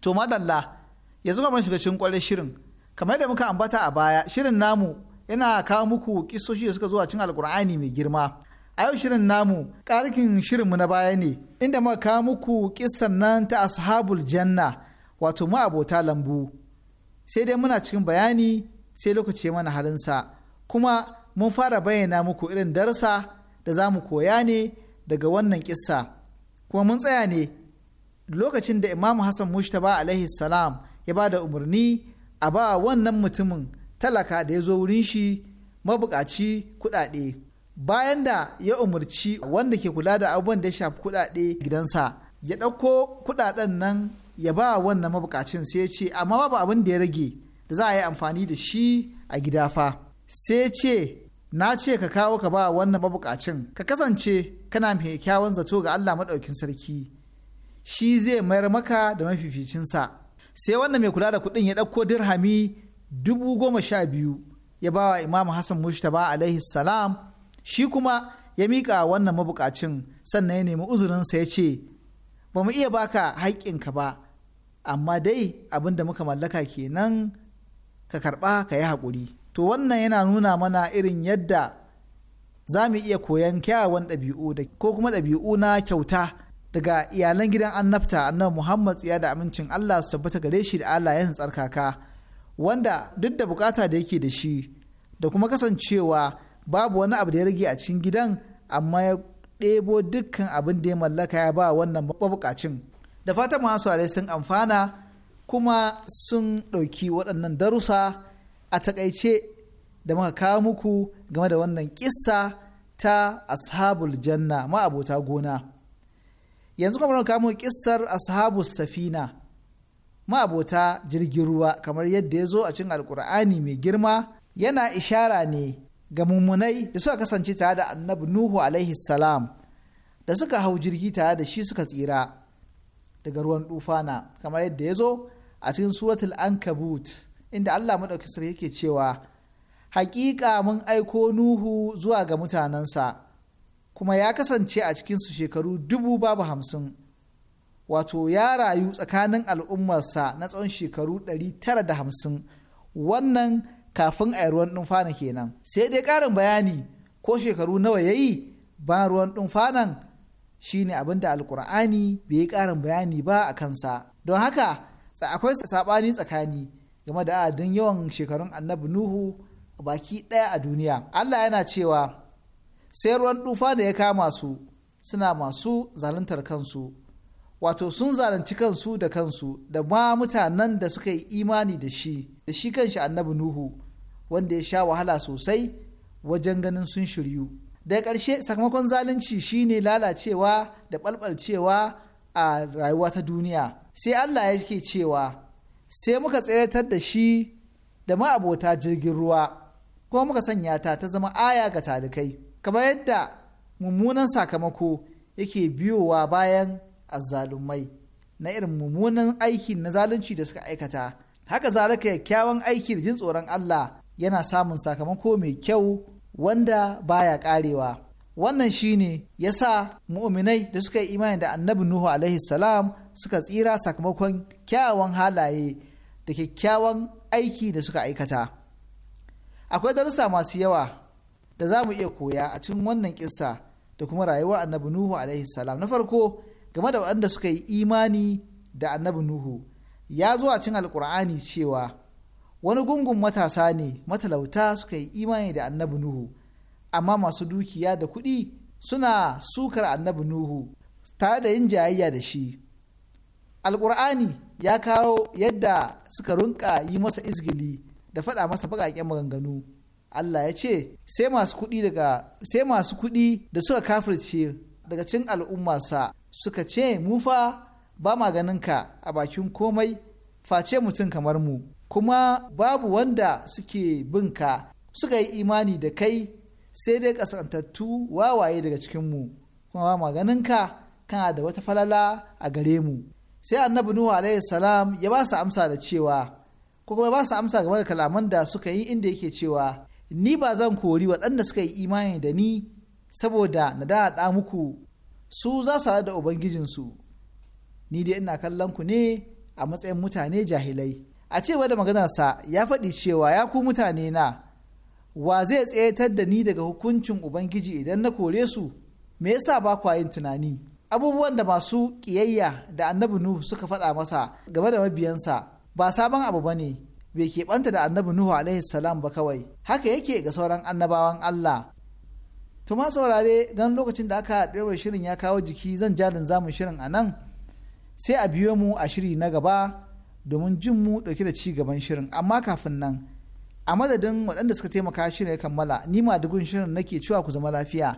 to madalla yanzu kamar shiga cikin kwarar shirin kamar yadda muka ambata a baya shirin namu yana kawo muku kisoshi da suka zuwa cin alkur'ani mai girma a yau shirin namu shirin shirinmu na baya ne inda muka kawo muku kissan nan ta ashabul janna wato abota lambu sai dai muna cikin bayani sai lokaci ya mana halinsa kuma mun fara bayyana muku irin darsa da za mu koya ne daga wannan kissa kuma mun tsaya ne lokacin da imamu hassan mushtaba alaihi salam ya ba da umarni a ba wannan mutumin talaka da ya zo wurin shi mabukaci kudade bayan da ya umarci wanda ke kula da abubuwan da ya shafi kudade gidansa ya ɗauko kudaden nan ya ba wannan mabukacin sai ce amma babu abin da ya rage da za a yi amfani da shi a gida fa sai ce na ce ka kawo ka ba wannan mabukacin ka kasance kana mai kyawun zato ga Allah maɗaukin sarki shi zai mayar maka da mafificinsa sai wannan mai kula da kuɗin ya ɗauko dirhami dubu goma sha biyu ya ba wa imamu hassan mushtaba alaihi salam shi kuma ya miƙa wannan mabukacin sannan ya nemi uzurinsa ya ce ba mu iya baka haƙƙinka ba amma dai abin da muka mallaka kenan ka karba ka yi haƙuri to wannan yana nuna mana irin yadda za mu iya koyan kyawawan ɗabi'u ko kuma ɗabi'u na kyauta daga iyalan gidan annabta annabi muhammad tsiya da amincin allah su tabbata gare shi da allah ya tsarkaka wanda duk da bukata da yake da shi da kuma kasancewa babu wani abu da ya rage a cikin gidan amma ya ɗebo dukkan abin da ya mallaka ya ba wannan mabukacin da fatan masu are sun amfana kuma sun ɗauki waɗannan darusa a takaice da muka kawo muku game da wannan kissa ta ashabul janna ma'abota gona yanzu kamar kawo muku kissar ashabu safina ma'abota jirgin ruwa kamar yadda ya zo a cikin alkur'ani mai girma yana ishara ne ga mummunai da suka kasance tare da annabi nuhu alaihi salam da suka hau jirgi tare da shi suka tsira daga ruwan dufana kamar yadda ya zo a cikin suratul ankabut inda Allah maɗaukin sarki yake cewa hakika mun aiko nuhu zuwa ga mutanensa kuma ya kasance a cikinsu shekaru dubu babu hamsin wato ya rayu tsakanin al'ummarsa na tsawon shekaru ɗari tara da hamsin wannan kafin a ruwan ɗumfana kenan sai dai ƙarin bayani ko shekaru nawa ya yi ba ruwan ɗumfanan shine abin da alkur'ani bai yi ƙarin bayani ba a kansa don haka akwai saɓani tsakani game da adadin yawan shekarun annabi nuhu baki ɗaya a duniya allah yana cewa sai ruwan dufa da ya kama su suna masu zaluntar kansu wato sun zalunci kansu da kansu da ma mutanen da suka yi imani da shi da shi kanshi annabi nuhu wanda ya sha wahala sosai wajen ganin sun shiryu daga ƙarshe sakamakon zalunci shine lalacewa da ɓalɓalcewa a rayuwa ta duniya sai allah ya ke cewa sai muka tseratar da shi da ma'abota jirgin ruwa ko muka sanya ta ta zama aya ga talikai kamar yadda mummunan sakamako yake biyowa bayan azzalumai na irin mummunan aiki na zalunci da suka aikata haka zalika kyakkyawan aiki da jin tsoron Allah yana samun sakamako mai kyau wanda baya karewa wannan shine ya sa mu'minai da suka yi imani da annabi nuhu alaihi salam suka tsira sakamakon kyawawan halaye da kyakkyawan aiki da suka aikata akwai darussa masu yawa da za mu iya koya a cikin wannan kissa da kuma rayuwar annabi nuhu alaihi salam na farko game da waɗanda suka yi imani da annabi nuhu ya zo a cikin alkur'ani cewa wani gungun matasa ne matalauta suka yi imani da annabi nuhu amma masu dukiya da kuɗi suna sukar annabi nuhu tare da yin jayayya da shi alkur'ani ya kawo yadda suka runka yi masa izgili da faɗa masa baƙaƙen maganganu allah ya ce sai masu kuɗi da suka kafirce daga cin al'ummarsa suka ce mu fa ba ganin ka a bakin komai face mutum kamar mu kuma babu wanda suke bin ka suka yi imani da kai sai dai kasantattu wawaye daga cikinmu kuma maganin ka kana da wata falala a gare mu sai annabi nuhu alaihi salam ya ba su amsa da cewa ko kuma ba su amsa game da kalaman da suka yi inda yake cewa ni ba zan kori waɗanda suka yi imani da ni saboda na da muku su za su da ubangijinsu ni dai ina kallon ku ne a matsayin mutane jahilai a cewa da maganarsa ya faɗi cewa ya ku mutane na wa zai tsayatar da ni daga hukuncin ubangiji idan na kore su me yasa ba kwa yin tunani abubuwan da masu ƙiyayya da annabi nuhu suka faɗa masa game da mabiyansa ba sabon abu ba ne bai keɓanta da annabi nuhu alaihi salam ba kawai haka yake ga sauran annabawan allah to ma saurare gan lokacin da aka ɗirɓar shirin ya kawo jiki zan jalin zamu shirin a nan sai a biyo mu a shiri na gaba domin jin mu dauke da ci gaban shirin amma kafin nan a madadin waɗanda suka taimaka shirin ya kammala ni ma dugun shirin nake cewa ku zama lafiya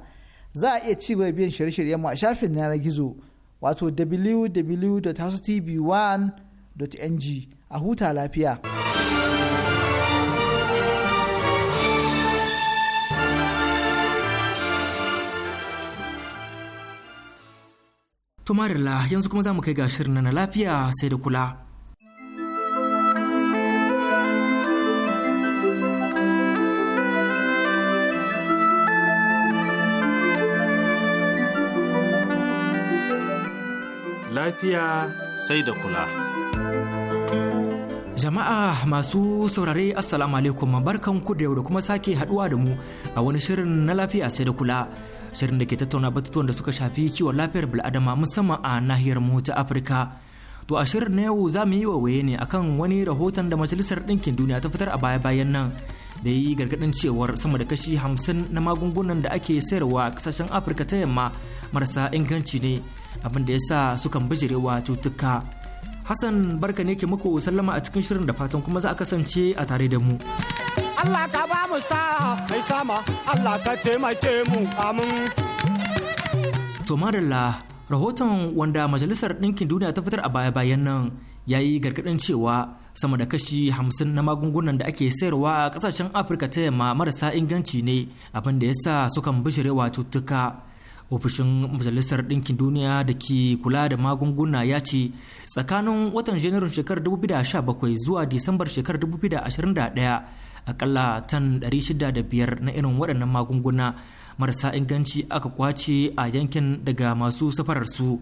za a iya ci gaba biyan shirye-shiryen mu a shafin yanar gizo wato wwwtv 1ng a huta lafiya. tumarila yanzu kuma za mu kai ga shirin na lafiya sai da kula. lafiya sai da kula. Jama'a masu saurare Assalamu alaikum barkan ku da yau da kuma sake haduwa da mu a wani shirin na lafiya sai da kula. Shirin da ke tattauna batutuwan da suka shafi kiwon lafiyar bil'adama musamman a nahiyar mu ta Afirka. To a shirin na yau za mu yi wawaye ne akan wani rahoton da Majalisar Ɗinkin Duniya ta fitar a baya-bayan nan da yi gargaɗin cewar sama da kashi hamsin na magungunan da ake sayarwa a ƙasashen Afirka ta yamma marasa inganci ne abin da ya sa sukan bijirewa cutuka hassan barka ne ke muku sallama a cikin shirin da fatan kuma za a kasance a tare da mu Allah ka ba mu sa'a mai sama Allah ka taimake mu amin to madalla rahoton wanda majalisar ɗinkin duniya ta fitar a baya-bayan nan ya yi gargaɗin cewa sama da kashi hamsin na magungunan da ake sayarwa a kasashen afirka ta yamma marasa inganci ne abin da ya sa sukan bishirewa cutuka ofishin majalisar ɗinkin duniya da ke kula da magunguna ya ce tsakanin watan janairun shekarar 2017 zuwa disambar shekarar 2021 akalla tan 605 na irin waɗannan magunguna marasa inganci aka kwace a yankin daga masu safararsu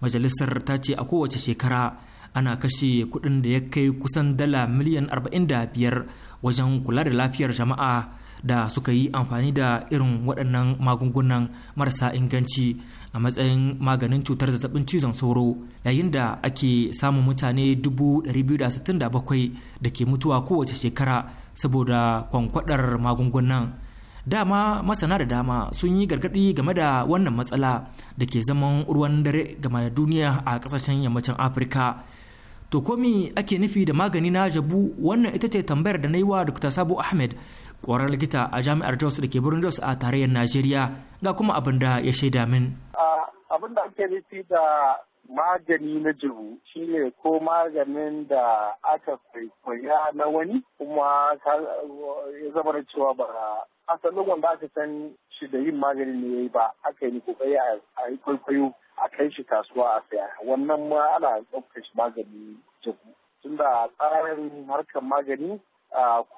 majalisar ta ce a kowace shekara ana kashe kuɗin da ya kai kusan dala miliyan 45 wajen kula da lafiyar jama'a da suka yi amfani da irin waɗannan magungunan marasa inganci a matsayin maganin cutar zazzabin cizon sauro yayin da ake samun mutane 267 da ke mutuwa kowace shekara saboda kwankwadar magungunan dama masana da dama sun yi gargaɗi game da wannan matsala da ke zaman ruwan dare game duniya a ƙasashen yammacin afirka to komi ake nufi da magani na jabu wannan ita ce tambayar da na yi wa dr sabu ahmed kwarar likita a jami'ar Jos da ke birnin Jos a tarayyar Najeriya ga kuma abin da ya shaida min. Abin da ake nufi da magani na jiru ne ko maganin da aka kwaikwaya na wani kuma ya zama da cewa ba asalin wanda aka san shi da yin magani ne yayi ba aka yi kokari a yi kwaikwayo a kai shi kasuwa a saya wannan ma ana ɗaukar shi magani jiru tunda tsarin harkar magani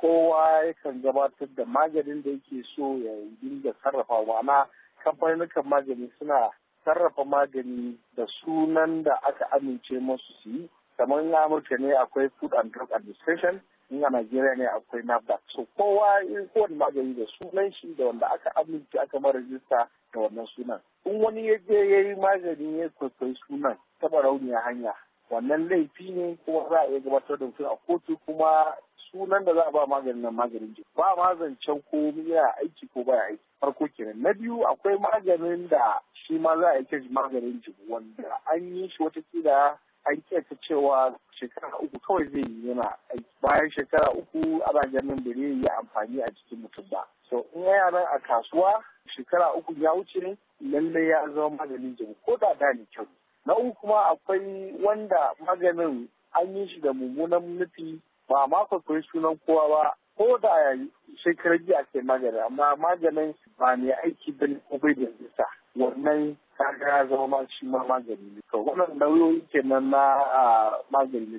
kowa kan gabatar da maganin da yake so ya dinga sarrafa ma'ana kamfanin magani suna sarrafa magani da sunan da aka amince masu su yi kamar in amurka ne akwai food and drug administration in a najeriya ne akwai nafda so kowa in kowane magani da sunan shi da wanda aka amince aka mara rajista da wannan sunan in wani ya je ya yi magani ya kwaikwayi sunan taba rauniya hanya wannan laifi ne kuma za a iya gabatar da mutum a kotu kuma sunan da za a ba maganin nan maganin jiki ba ma zancen ko yana aiki ko baya aiki farko kenan na biyu akwai maganin da shi ma za a yi maganin jiki wanda an yi shi wata kila an kiyata cewa shekara uku kawai zai yi yana aiki bayan shekara uku ana ganin da zai yi amfani a jikin mutum ba so in yaran a kasuwa shekara uku ya wuce lalle ya zama maganin jini ko da da ne kyau na uku kuma akwai wanda maganin an yi shi da mummunan nufi ba ma kwakwai sunan kowa ba ko da shekarar jiya ke magani amma maganin ba ne aiki da ko bai da nisa wannan kaga ya zama ma shi ma magani ne to wannan nauyoyi kenan na magani ne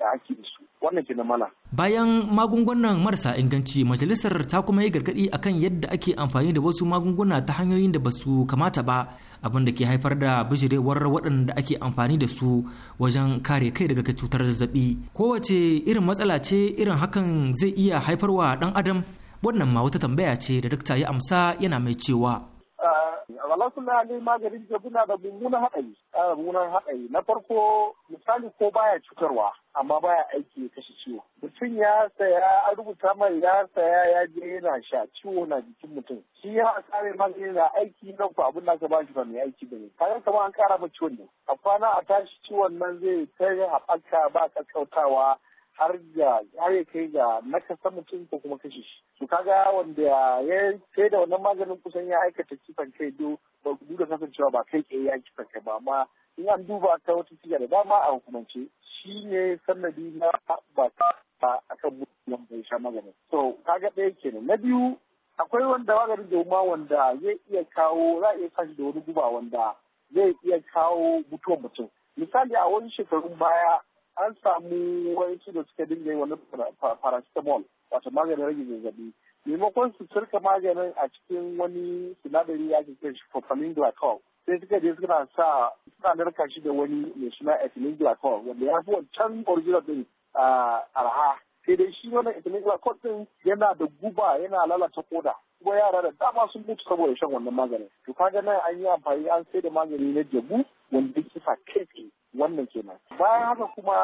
da ake da su wannan kenan mana bayan magungunan marasa inganci majalisar ta kuma yi gargadi akan yadda ake amfani da wasu magunguna ta hanyoyin da basu kamata ba abin da ke haifar da bijirewar waɗanda ake amfani da su wajen kare kai daga cutar zazzabi kowace irin matsala ce irin hakan zai iya haifarwa ɗan adam wannan ma wata tambaya ce da dakta ya amsa yana mai cewa Allah kullu ne maganin jabuna da mummunan haɗari mummunan haɗari na farko misali ko baya cutarwa amma baya aiki ya kashe ciwo mutum ya saya an rubuta mai ya saya ya je yana sha ciwo na jikin mutum shi ya tsare magani na aiki na ku abin da aka ba shi ba mai aiki bane kaya kamar an kara ma ciwon ne a kwana a tashi ciwon nan zai kai haɓaka ba kakkautawa har ga har ya kai ga nakasa mutum ko kuma kashe shi to kaga wanda ya kai da wannan maganin kusan ya aikata kifan kai do ba ku da kasancewa ba kai kai ya kifan kai ba amma in an duba ta wata siga da dama a hukumance shi ne sanadi na ba ta kan mutum bai sha maganin so kaga ɗaya kenan na biyu akwai wanda maganin joma wanda zai iya kawo za a iya sashi da wani guba wanda zai iya kawo mutuwar mutum misali a wani shekarun baya an samu wayanci da suka dinga yi wani paracetamol wato maganin rage zazzabi maimakon su cirka maganin a cikin wani sinadari ya ake kai shi propylene glycol sai suka je suna sa suna narka shi da wani mai suna ethylene glycol wanda ya fi wancan original din arha sai dai shi wannan ethylene glycol din yana da guba yana lalata koda kuma yara da dama sun mutu saboda shan wannan maganin to kaga nan an yi amfani an sai da magani na jabu wanda yake sa kai wannan kenan bayan haka kuma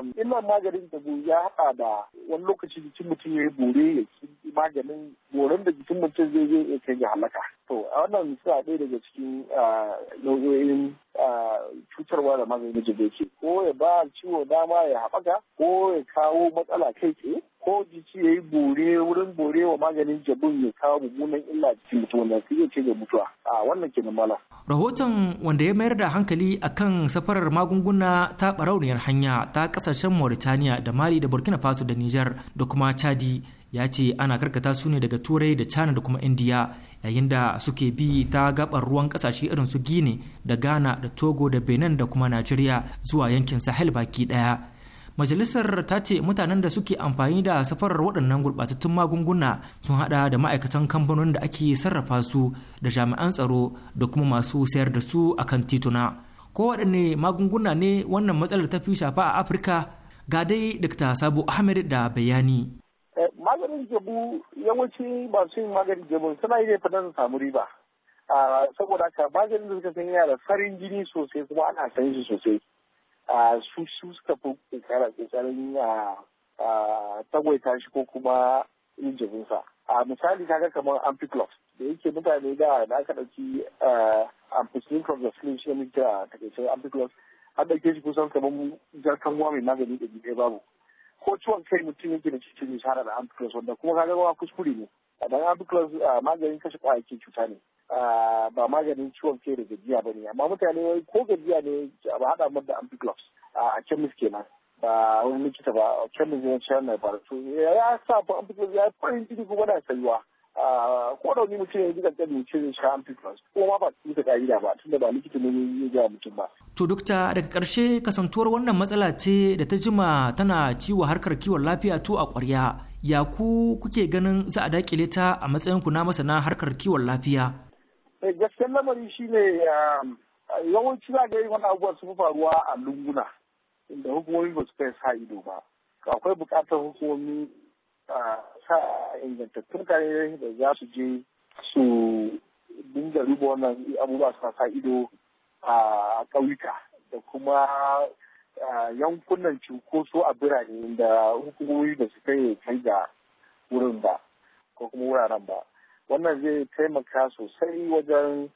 um, illan maganin da ya haɗa da wani lokaci jikin mutum ya yi bore ya ci maganin boren da jikin mutum zai zai ya kai ga halaka to a wannan suna ɗaya daga cikin uh, nau'o'in uh, cutarwa da maganin da ke ko ya ba ciwo dama ya haɓaka ko ya kawo matsala kai tsaye ko jiki ya yi bore wurin bore wa maganin jabin ya kawo mummunan illa cikin mutum wanda su iya ce ga mutuwa a wannan ke mala. rahoton wanda ya mayar da hankali akan safarar magunguna ta barauniyar hanya ta kasashen mauritaniya da mali da burkina faso da niger da kuma chadi ya ce ana karkata su ne daga turai da china da kuma indiya yayin da suke bi ta gabar ruwan kasashe irin su gini da ghana da togo da benin da kuma nigeria zuwa yankin sahel baki daya majalisar ta ce mutanen da suke amfani da safarar waɗannan gurɓatattun magunguna sun haɗa da ma'aikatan kamfanonin da ake sarrafa su da jami'an tsaro da kuma masu sayar da su a kan tituna ko waɗanne magunguna ne wannan matsalar ta fi shafa a afirka ga dai dr sabo ahmed da bayani eh, maganin jabu yawanci masu yin maganin jabu suna yi ne fa su samu riba ah, saboda haka maganin da suka san yana da farin jini sosai kuma ana san shi sosai su su suka fi kokara kokarin a tagwaita shi ko kuma yin a misali kaga kamar ampiclox da yake mutane da na aka ɗauki ampicillin from the sleeve shi ne da takaice ampiclox da ke shi kusan kamar jarkan ruwa mai magani da ɗaya babu ko ciwon kai mutum yake da cikin shahara da ampiclox wanda kuma kaga ruwa kuskure ne dan ampiclox maganin kashe ƙwayakin cuta ne ba maganin ciwon kai da gajiya ba ne amma mutane wai ko gajiya ne ba haɗa mu da ampiclox a kemis kenan ba wani likita ba kemis ne ciwon na ya sa ba ampiclox ya fara yin jini kuma na sayuwa ko da wani mutum ya ji kankan mutum zai sha ampiclox ko ma ba su ta ka'ida ba tunda ba likita ne ya gaya mutum ba. to dokta daga karshe kasantuwar wannan matsala ce da ta jima tana ciwo harkar kiwon lafiya to a ƙwarya ya ku kuke ganin za a dakile ta a matsayin ku na masana harkar kiwon lafiya. Eh, gaskiyar lamari ne um, yawanci za ga wani abubuwa su fi faruwa a lunguna inda hukumomi ba su kai sa ido ba akwai buƙatar hukumomi uh, sa ingantattun kare da za su je su dinga ruba wannan abubuwa su sa ido a ƙauyuka da kuma uh, yankunan cunkoso a birane da hukumomi ba su kai kai ga wurin ba ko kuma wuraren ba wannan zai taimaka sosai wajen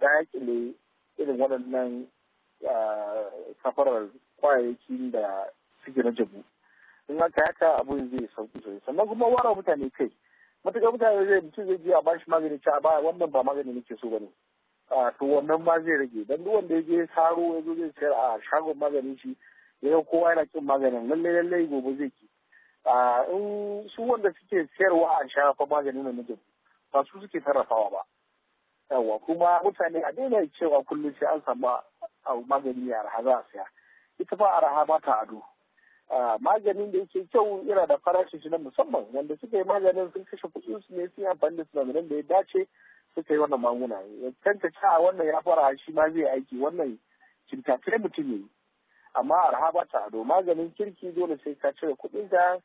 dakile irin waɗannan safarar kwayayyakin da suke na jabu in haka haka abu zai sauki sosai sannan kuma wara mutane kai matuƙar mutane zai mutum zai je a bashi magani cewa ba wannan ba magani nake so bane to wannan ma zai rage dan duk wanda ya je saro ya zo zai sayar a shagon maganin shi ya kowa yana kin maganin lallai-lallai gobe zai ki in su wanda suke sayarwa a shafa maganin namijin ba su suke sarrafawa ba yawa kuma mutane a daina cewa kullum sai an samu magani ya arha za a saya ita ba raha ba ta ado maganin da yake kyau yana da farashi shi na musamman wanda suka yi maganin sun kashe kuɗi su ne sun yi amfani da sinadaran da ya dace suka yi wannan maguna ya tantance a wannan ya fara shi ma zai aiki wannan cintace mutum ne amma arha ba ta ado maganin kirki dole sai ka cire kuɗin da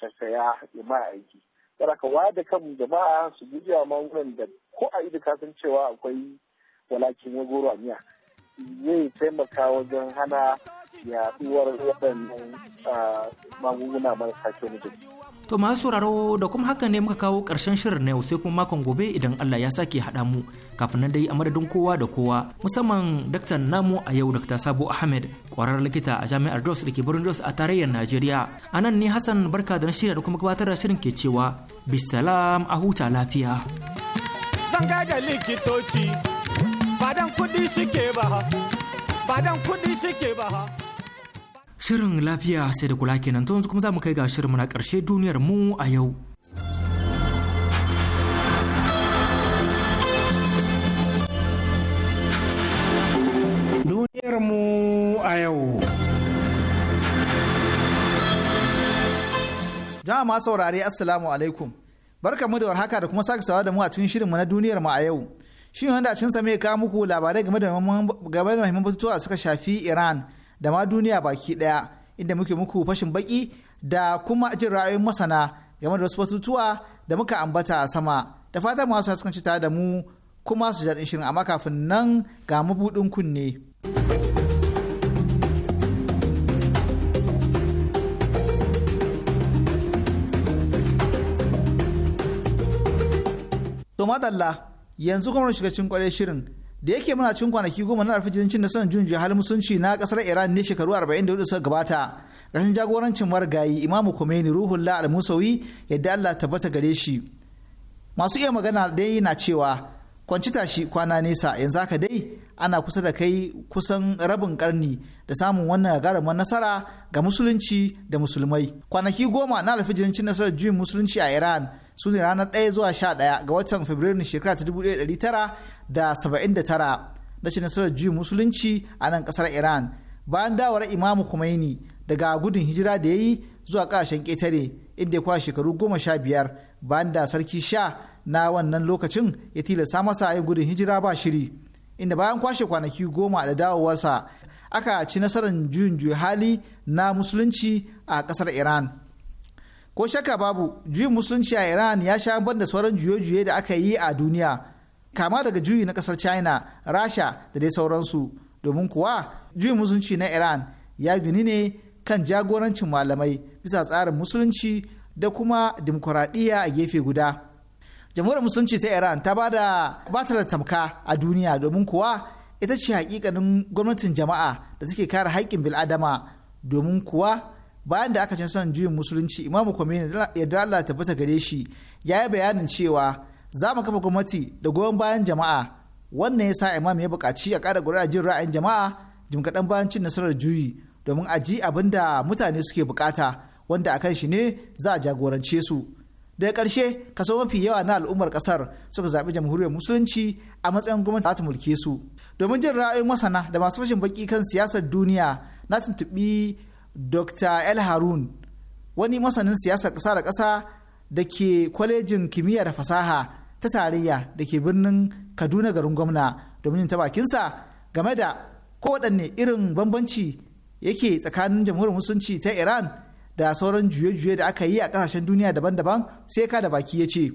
ka saya ya ma aiki kada ka wayar kan jama'a su guji wa da ko a ido ka san cewa akwai walakin ya goro a miya zai taimaka wajen hana yaɗuwar waɗannan ah, magunguna marasa kyau na jiki To masu sauraro da kuma haka ne muka kawo ƙarshen shirin na yau sai kuma makon gobe idan Allah ya sake haɗa mu kafin nan dai a madadin kowa da kowa musamman daktan namu a yau Dr. Sabo Ahmed ƙwararren likita a jami'ar Jos da ke birnin Jos a tarayyar Najeriya. A nan ne Hassan barka da na shirya da kuma gabatar da shirin ke cewa bisalam a huta lafiya. Zan gaja likitoci badan kuɗi suke ba badan kuɗi suke ba Shirin lafiya sai da kula kenan to yanzu kuma za mu kai ga shirin na ƙarshe duniyar mu a yau. Duniyar mu a yau. Jama'a saurare Assalamu alaikum. Barka mu da warhaka da kuma sake sawa da mu a cikin shirinmu na duniyar mu a yau. Shin wanda a cikin sa mai kawo muku labarai game da mahimman da batutuwa suka shafi Iran da ma duniya baki ɗaya inda muke muku fashin baki da kuma jin ra'ayoyin masana game da wasu batutuwa da muka ambata a sama da fata masu haskanci tare da mu kuma su jaɗin shirin amma kafin nan ga mabuɗin kunne. To yanzu kuma shiga cikin kwarai shirin da yake muna cin kwanaki goma na alfajirin cin son junji halin musulunci na kasar iran ne shekaru arba'in 44 suka gabata rashin jagorancin marigayi imamu khomeini ruhullah al-musawi yadda allah tabbata gare shi masu iya magana dai na cewa kwanci tashi kwana nesa yanzu haka dai ana kusa da kai kusan rabin karni da samun wannan gagarumar nasara ga musulunci da musulmai kwanaki goma na alfajirin cin nasarar juyin musulunci a iran su ne ranar 1 zuwa 11 ga watan Fabrairu shekara ta 1979 na nasarar juyin musulunci a nan kasar Iran bayan dawar Imamu kumaini daga gudun hijira da ya yi zuwa kasashen ketare inda ya kwa shekaru goma sha biyar bayan da sarki sha na wannan lokacin ya tilasta masa yin gudun hijira ba shiri inda bayan kwashe kwanaki goma da dawowarsa aka ci nasarar juyin juyi hali na musulunci a kasar Iran. ko shakka babu juyin musulunci a iran ya sha ban da sauran juye-juye da aka yi a duniya kama daga juyi na kasar china rasha da dai sauransu domin kuwa juyin musulunci na iran ya gini ne kan jagorancin malamai bisa tsarin musulunci da kuma dimokuraɗiyya a gefe guda jamhuriyar musulunci ta iran ta bada batar tamka a duniya domin kuwa ita ce hakikanin gwamnatin jama'a da take kare haƙƙin bil'adama domin kuwa bayan da aka ci son juyin musulunci imamu kwamini yadda Allah ta fita gare shi ya yi bayanin cewa za mu kafa gwamnati da goyon bayan jama'a wannan ya sa imam ya buƙaci a ƙara gura jin ra'ayin jama'a jim kaɗan bayan cin nasarar juyi domin a ji abin da mutane suke buƙata wanda a kan shi ne za a jagorance su daga ƙarshe kaso mafi yawa na al'ummar ƙasar suka zaɓi jamhuriyar musulunci a matsayin gwamnati za ta mulke su domin jin ra'ayin masana da masu fashin baƙi kan siyasar duniya na tuntuɓi dr el harun wani masanin siyasar ƙasa da ƙasa da ke kwalejin kimiyya da fasaha ta tarayya da ke birnin kaduna garin gwamna domin ta bakinsa game da kowaɗanne irin bambanci yake tsakanin jamhuriyar musulunci ta iran da sauran juye-juye da aka yi a ƙasashen duniya daban-daban sai ka da baki ya ce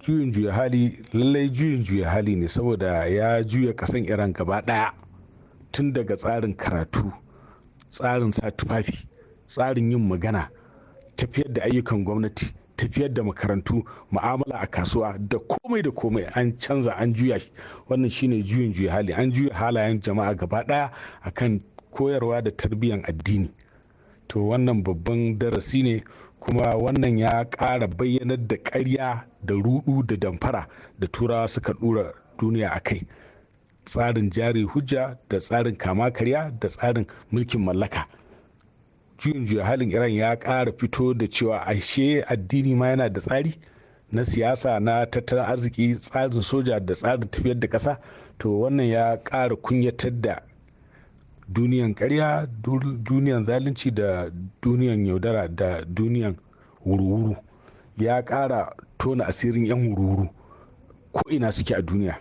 juyin juya hali lallai juyin juya hali ne saboda ya juya kasan iran gaba ɗaya tun daga tsarin karatu tsarin sa tufafi tsarin yin magana tafiyar da ayyukan gwamnati tafiyar da makarantu ma'amala a kasuwa da komai da komai an canza an juya shi wannan shine juyin juya hali an juya halayen jama'a gaba daya kan koyarwa da tarbiyyar addini to wannan babban darasi ne kuma wannan ya ƙara bayyanar da ƙarya da rudu da damfara da turawa suka dura duniya a kai tsarin jari hujja da tsarin kama karya da tsarin mulkin mallaka juyin juya halin iran ya kara fito da cewa ashe addini ma yana da tsari na siyasa na tattalin arziki tsarin soja da tsarin tafiyar da kasa to wannan ya kara kunyatar da duniyan karya duniyan zalunci da duniyan yaudara da duniyan wuru ya kara tona asirin 'yan wuru-wuru ko ina suke a duniya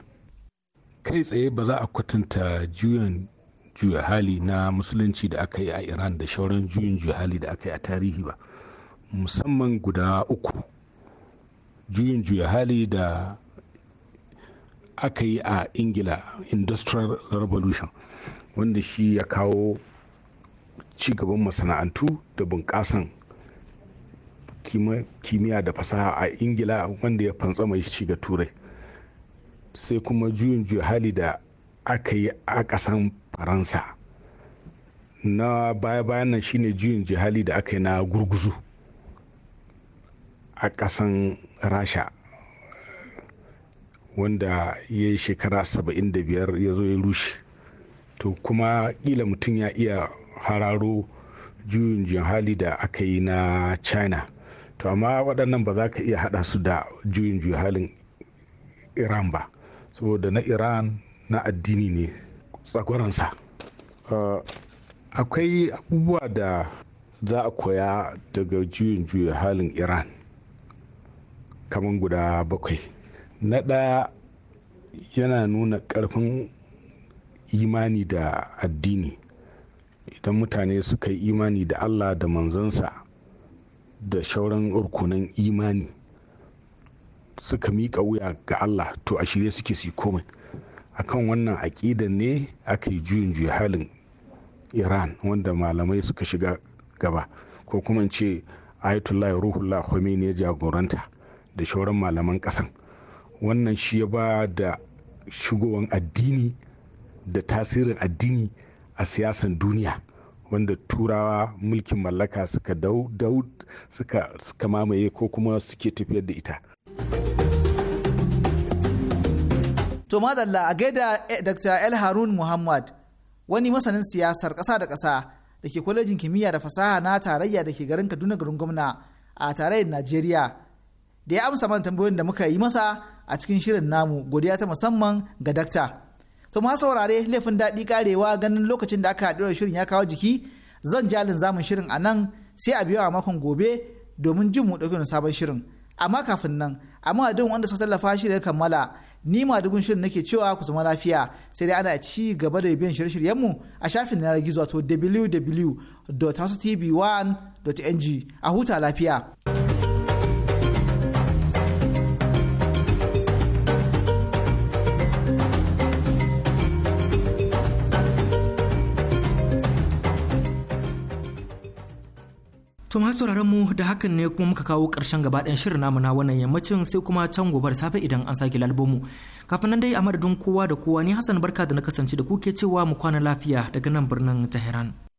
kai tsaye ba za a kwatanta juyin juya hali na musulunci da aka yi a iran da shauran juyin juya hali da aka yi a tarihi ba musamman guda uku juyin juya hali da aka yi a ingila industrial revolution wanda shi ya kawo cigaban masana'antu da bunƙasan kimiyya da fasaha a ingila wanda ya fantsama shi ga turai sai kuma juyin hali da aka yi a ƙasan faransa na baya-bayan nan shine juyin hali da aka yi na gurguzu a ƙasan rasha wanda ya yi shekara 75 ya zo ya rushe to kuma ƙila mutum ya iya hararo juyin hali da aka yi na china to amma waɗannan ba za ka iya haɗa su da juyin halin iran ba saboda na iran na addini ne tsagwaransa ah, akwai abubuwa da za a koya daga juyin juya halin iran kamar guda bakwai na ɗaya yana nuna ƙarfin imani da addini idan mutane suka yi imani da allah da manzansa da shauran rukunan imani suka miƙa wuya ga Allah to a shirye suke su komai akan wannan aƙida ne aka yi juyin juya halin iran wanda malamai suka shiga gaba ko kuma ce ayatollah ruhullah khomeini ya jagoranta da shauran malaman ƙasan wannan shi ya ba da shigowan addini da tasirin addini a siyasan duniya wanda turawa mulkin mallaka suka suka mamaye ko kuma suke tafiyar da ita To madalla a gaida eh, Dr. El Harun Muhammad wani masanin siyasar ƙasa da ƙasa da ke kwalejin kimiyya da fasaha na tarayya da ke garin Kaduna garin gwamna a tarayyar Najeriya da ya amsa mana tambayoyin da muka yi masa a cikin shirin namu godiya ta musamman ga dakta. To ma saurare laifin daɗi karewa ganin lokacin da aka haɗu shirin ya kawo jiki zan jalin zamun shirin a nan sai a biyo a makon gobe domin jin mu ɗauki sabon shirin. amma kafin nan amma duk wanda suka tallafa shi da kammala ni ma dugun shirin nake cewa ku zama lafiya sai dai ana ci gaba da biyan shirye-shiryenmu a shafin na gizo to wwwtv 1ng a huta lafiya. To masu sauraron mu da hakan ne kuma muka kawo ƙarshen gabaɗayan shirin namu na wannan yammacin sai kuma can gobe da safe idan an sake mu Kafin nan dai a madadin kowa da kowa ni Hassan barka da na kasance da kuke cewa mu kwana lafiya daga nan birnin Tehran.